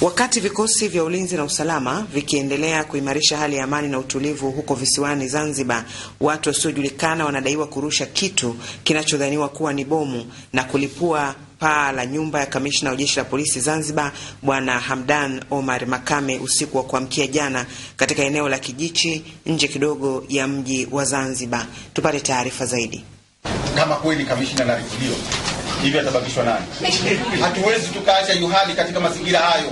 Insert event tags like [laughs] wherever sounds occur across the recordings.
Wakati vikosi vya ulinzi na usalama vikiendelea kuimarisha hali ya amani na utulivu huko visiwani Zanzibar, watu wasiojulikana wanadaiwa kurusha kitu kinachodhaniwa kuwa ni bomu na kulipua paa la nyumba ya kamishna wa jeshi la polisi Zanzibar Bwana Hamdan Omar Makame usiku wa kuamkia jana katika eneo la Kijichi nje kidogo ya mji wa Zanzibar. Tupate taarifa zaidi. Kama kweli kamishna anaachiliwa hivi atabakishwa nani? [laughs] Hatuwezi tukaacha Yohani katika mazingira hayo,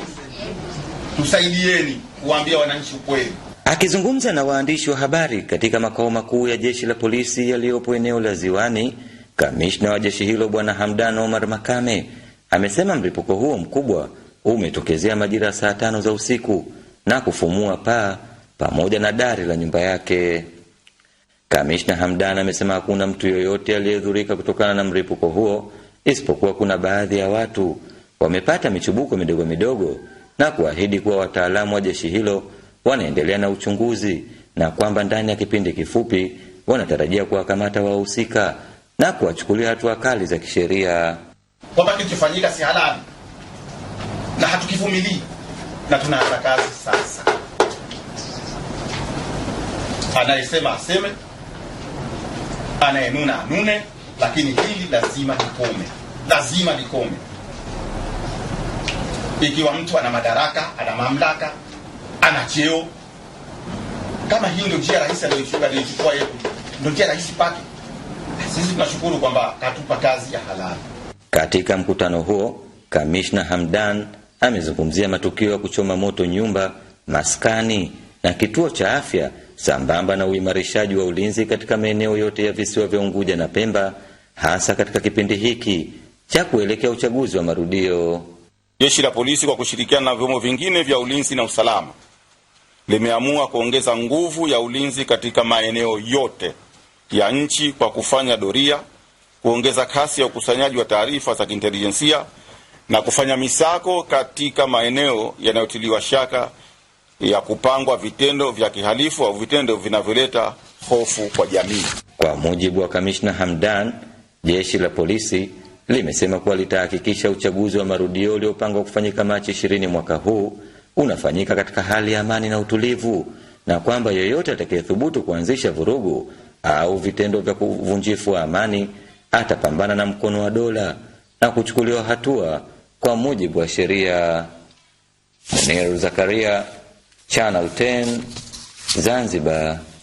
tusaidieni kuwaambia wananchi ukweli. Akizungumza na waandishi wa habari katika makao makuu ya jeshi la polisi yaliyopo eneo la Ziwani, kamishna wa jeshi hilo Bwana Hamdan Omar Makame amesema mlipuko huo mkubwa umetokezea majira saa tano za usiku na kufumua paa pamoja na dari la nyumba yake. Kamishna Hamdan amesema hakuna mtu yoyote aliyedhurika kutokana na mlipuko huo isipokuwa kuna baadhi ya watu wamepata michubuko midogo midogo na kuahidi kuwa wataalamu wa jeshi hilo wanaendelea na uchunguzi na kwamba ndani ya kipindi kifupi wanatarajia kuwakamata wahusika na kuwachukulia hatua kali za kisheria. Kwamba kilichofanyika si halali na hatukivumilii na tunaanza kazi sasa. Anayesema aseme, anayenuna anune lakini hili lazima likome, lazima likome. Ikiwa mtu ana madaraka, ana mamlaka, ana cheo, kama hii ndio njia rahisi aliyoichukua yeye, ndio njia rahisi pake, sisi tunashukuru kwamba katupa kazi ya halali. Katika mkutano huo, Kamishna Hamdan amezungumzia matukio ya kuchoma moto nyumba, maskani na kituo cha afya sambamba na uimarishaji wa ulinzi katika maeneo yote ya visiwa vya Unguja na Pemba, hasa katika kipindi hiki cha kuelekea uchaguzi wa marudio. Jeshi la polisi kwa kushirikiana na vyombo vingine vya ulinzi na usalama limeamua kuongeza nguvu ya ulinzi katika maeneo yote ya nchi kwa kufanya doria, kuongeza kasi ya ukusanyaji wa taarifa za kiintelijensia na kufanya misako katika maeneo yanayotiliwa shaka ya kupangwa vitendo vya kihalifu au vitendo vinavyoleta hofu kwa jamii. Kwa mujibu wa kamishna Hamdan, jeshi la polisi limesema kuwa litahakikisha uchaguzi wa marudio uliopangwa kufanyika Machi ishirini mwaka huu unafanyika katika hali ya amani na utulivu, na kwamba yeyote atakayethubutu kuanzisha vurugu au vitendo vya kuvunjifu wa amani atapambana na mkono wa dola na kuchukuliwa hatua kwa mujibu wa sheria. Munir Zakaria, Channel 10 Zanzibar.